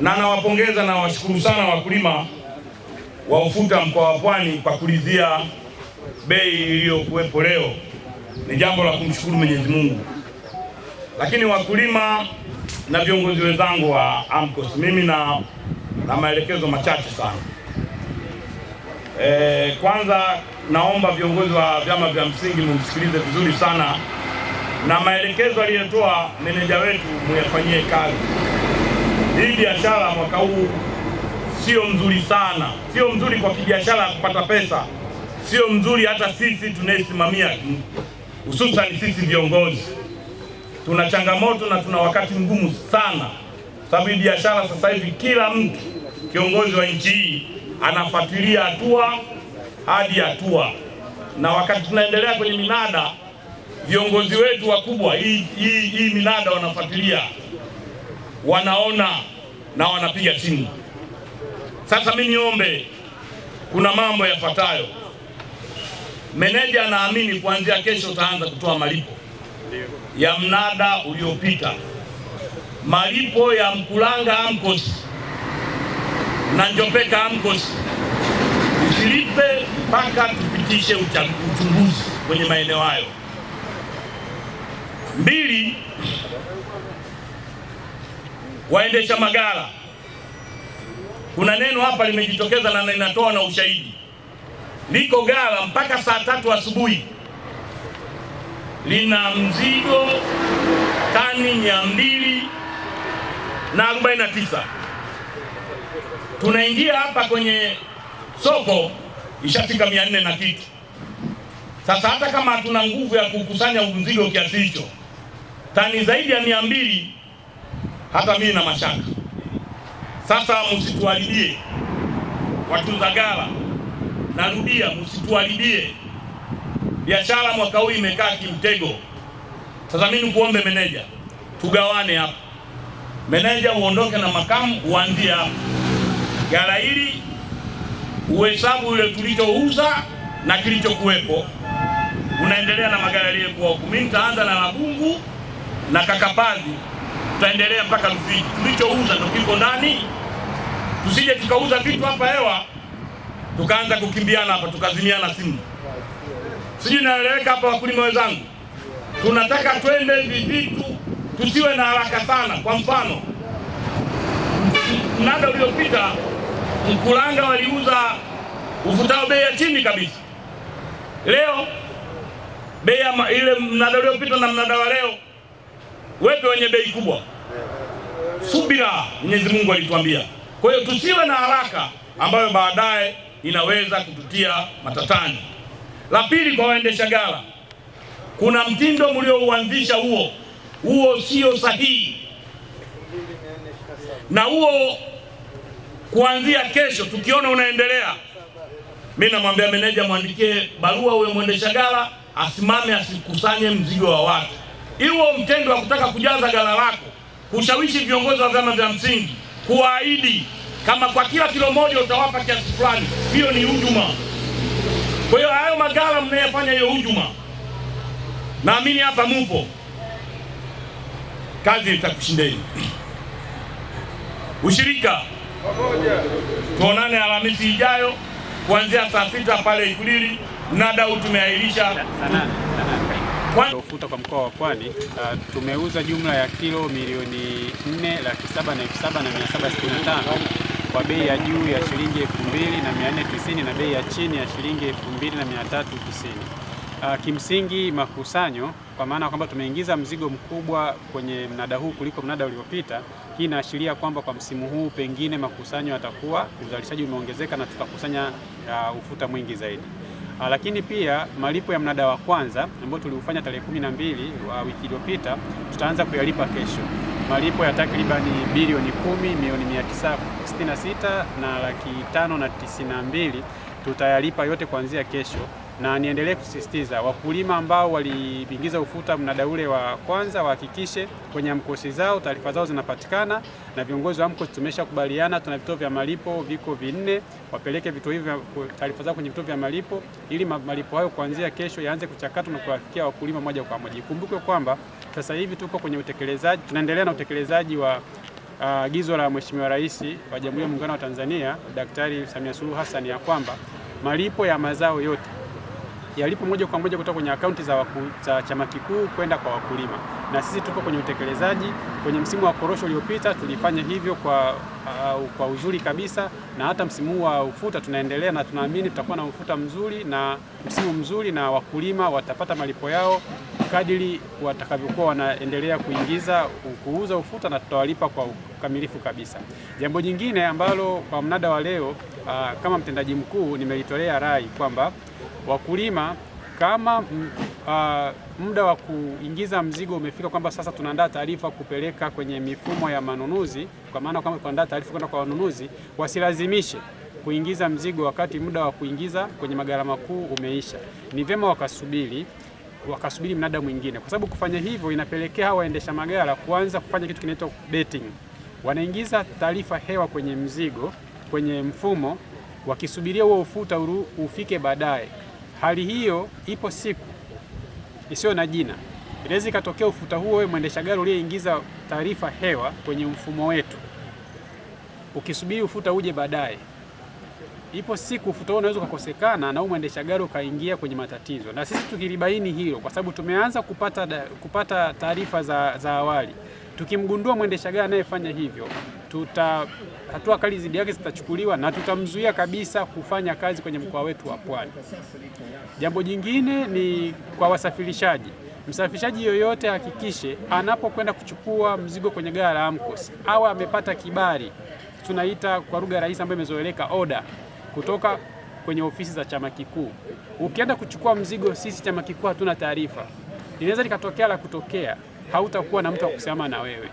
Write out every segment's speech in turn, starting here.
na nawapongeza na washukuru sana wakulima wa ufuta mkoa wa Pwani kwa kulizia bei iliyokuwepo leo, ni jambo la kumshukuru Mwenyezi Mungu. Lakini wakulima na viongozi wenzangu wa AMCOS, mimi na, na maelekezo machache sana. E, kwanza naomba viongozi wa vyama vya msingi mumsikilize vizuri sana, na maelekezo aliyotoa meneja wetu muyafanyie kazi. Hii biashara mwaka huu sio mzuri sana, sio mzuri kwa kibiashara ya kupata pesa, sio mzuri hata sisi tunayesimamia, hususani sisi viongozi tuna changamoto na tuna wakati mgumu sana, sababu hii biashara sasa hivi kila mtu kiongozi wa nchi hii anafuatilia hatua hadi hatua, na wakati tunaendelea kwenye minada, viongozi wetu wakubwa hii, hii, hii minada wanafuatilia, wanaona na wanapiga chini. Sasa mimi niombe, kuna mambo yafuatayo. Meneja anaamini kuanzia kesho utaanza kutoa malipo ya mnada uliopita, malipo ya mkulanga AMCOS na Njopeka Amgosi usilipe mpaka tupitishe uchunguzi kwenye maeneo hayo. Mbili, waendesha magala, kuna neno hapa limejitokeza na ninatoa na ushahidi. Liko gala mpaka saa tatu asubuhi lina mzigo tani mia mbili na arobaini na tisa tunaingia hapa kwenye soko ishafika mia nne na kitu. Sasa hata kama hatuna nguvu ya kukusanya mzigo kiasi hicho, tani zaidi ya mia mbili, hata mimi na mashaka. Sasa msituharibie watunza gala, narudia, msituharibie biashara. Mwaka huu imekaa kimtego. Sasa mimi nikuombe meneja, tugawane hapa. Meneja uondoke na makamu, uanzie hapa gara hili uhesabu ule tulichouza na kilichokuwepo, unaendelea na magara yaliyokuwa huku. Mimi nitaanza na Labungu na Kakapazi, tutaendelea mpaka Rufiji. Tulichouza ndio kiko ndani, tusije tukauza vitu hapa hewa tukaanza kukimbiana hapa tukazimiana simu. Sijui naeleweka hapa, wakulima wenzangu? Tunataka twende hivi vitu, tusiwe na haraka sana. Kwa mfano mnada uliopita Mkuranga waliuza ufutao bei ya chini kabisa. Leo bei ya ile mnada uliopita na mnada wa leo wepe wenye bei kubwa. Subira, Mwenyezi Mungu alituambia. Kwa hiyo tusiwe na haraka ambayo baadaye inaweza kututia matatani. La pili, kwa waendesha gala, kuna mtindo mliouanzisha huo huo sio sahihi, na huo kuanzia kesho, tukiona unaendelea, mimi namwambia meneja, mwandikie barua huyo mwendesha gala asimame, asikusanye mzigo wa watu. iwo mtendo wa kutaka kujaza gala lako, kushawishi viongozi wa vyama vya msingi, kuahidi kama kwa kila kilo moja utawapa kiasi fulani, hiyo ni hujuma. Kwa hiyo hayo magala mnayofanya hiyo hujuma, naamini hapa mupo, kazi itakushindeni. Ushirika Tuonane Alhamisi ijayo kuanzia saa sita pale Ikulili. Mnadau tumeahirisha ufuta kwa mkoa wa Pwani. Uh, tumeuza jumla ya kilo milioni 4 laki saba na elfu saba na mia saba sitini na tano kwa bei ya juu ya shilingi elfu mbili na mia nne tisini na bei ya chini ya shilingi elfu mbili na mia tatu tisini. Uh, kimsingi makusanyo kwa maana kwamba tumeingiza mzigo mkubwa kwenye mnada huu kuliko mnada uliopita. Hii inaashiria kwamba kwa msimu huu pengine makusanyo yatakuwa, uzalishaji umeongezeka na tutakusanya uh, ufuta mwingi zaidi. Uh, lakini pia malipo ya mnada wa kwanza ambao tuliufanya tarehe kumi na mbili uh, wiki iliyopita tutaanza kuyalipa kesho malipo ya takribani bilioni kumi milioni 966 na laki tano na tisini na mbili tutayalipa yote kuanzia kesho na niendelee kusisitiza wakulima ambao waliingiza ufuta mnada ule wa kwanza wahakikishe kwenye amkosi zao taarifa zao zinapatikana, na viongozi wa amkosi tumeshakubaliana, tuna vituo vya malipo viko vinne, wapeleke vituo hivyo taarifa zao kwenye vituo vya malipo ili malipo hayo kuanzia kesho yaanze kuchakatwa na kuwafikia wakulima moja kwa moja. Ikumbukwe kwamba sasa hivi tuko kwenye utekelezaji, tunaendelea na utekelezaji wa ah, agizo uh, la Mheshimiwa Rais wa Jamhuri ya Muungano wa Tanzania Daktari Samia Suluhu Hassan ya kwamba malipo ya mazao yote yalipo moja kwa moja kutoka kwenye akaunti za, waku, za chama kikuu kwenda kwa wakulima, na sisi tupo kwenye utekelezaji. Kwenye msimu wa korosho uliopita tulifanya hivyo kwa, uh, uh kwa uzuri kabisa, na hata msimu wa ufuta tunaendelea, na tunaamini tutakuwa na ufuta mzuri na msimu mzuri, na wakulima watapata malipo yao kadiri watakavyokuwa wanaendelea kuingiza kuuza ufuta, na tutawalipa kwa ukamilifu kabisa. Jambo jingine ambalo kwa mnada wa leo, uh, kama mtendaji mkuu nimelitolea rai kwamba wakulima kama uh, muda wa kuingiza mzigo umefika, kwamba sasa tunaandaa taarifa kupeleka kwenye mifumo ya manunuzi, kwa maana kama tunaandaa taarifa kwenda kwa wanunuzi, wasilazimishe kuingiza mzigo wakati muda wa kuingiza kwenye magara makuu umeisha. Ni vyema wakasubiri wakasubiri mnada mwingine, kwa sababu kufanya hivyo inapelekea hawa waendesha magara kuanza kufanya kitu kinaitwa betting. Wanaingiza taarifa hewa kwenye mzigo kwenye mfumo, wakisubiria huo ufuta ufike baadaye. Hali hiyo ipo siku isiyo na jina, inaweza ikatokea ufuta huo, wewe mwendesha gari uliyeingiza taarifa hewa kwenye mfumo wetu, ukisubiri ufuta uje baadaye ipo siku futo unaweza ukakosekana na mwendesha gari ukaingia kwenye matatizo, na sisi tukilibaini hilo, kwa sababu tumeanza kupata, kupata taarifa za, za awali. Tukimgundua mwendesha gari anayefanya hivyo, tuta hatua kali zidi yake zitachukuliwa na tutamzuia kabisa kufanya kazi kwenye mkoa wetu wa Pwani. Jambo jingine ni kwa wasafirishaji Msafirishaji yoyote hakikishe anapokwenda kuchukua mzigo kwenye gari la AMCOS au amepata kibali, tunaita kwa lugha rahisi ambayo imezoeleka oda kutoka kwenye ofisi za chama kikuu. Ukienda kuchukua mzigo, sisi chama kikuu hatuna taarifa, linaweza likatokea la kutokea, hautakuwa na mtu wa kusimama na wewe.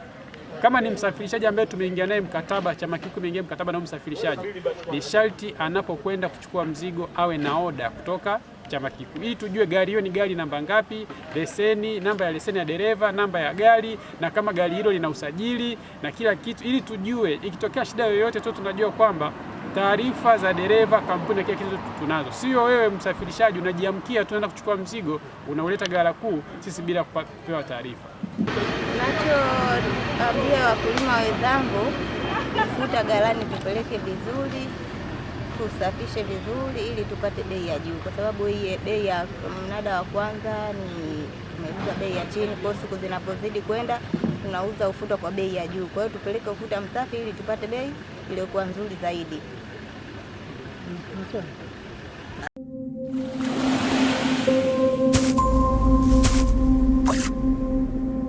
Kama ni msafirishaji ambaye tumeingia naye mkataba, chama kikuu imeingia mkataba na msafirishaji, ni sharti anapokwenda kuchukua mzigo awe na oda kutoka chama kikuu ili tujue gari hiyo ni gari namba ngapi, leseni, namba ya leseni ya dereva, namba ya gari, na kama gari hilo lina usajili na kila kitu, ili tujue, ikitokea shida yoyote tu tunajua kwamba taarifa za dereva, kampuni na kila kitu tunazo. Sio wewe msafirishaji unajiamkia tunaenda kuchukua mzigo unauleta gara kuu sisi bila kupewa taarifa. Nachoambia wakulima wenzangu, futa galani tupeleke vizuri, tusafishe vizuri ili tupate bei ya juu, kwa sababu hii bei ya mnada wa kwanza ni tumeuza bei ya chini, kwa siku zinapozidi kwenda tunauza ufuta kwa bei ya juu. Kwa hiyo tupeleke ufuta msafi ili tupate bei iliyokuwa nzuri zaidi. 你算了。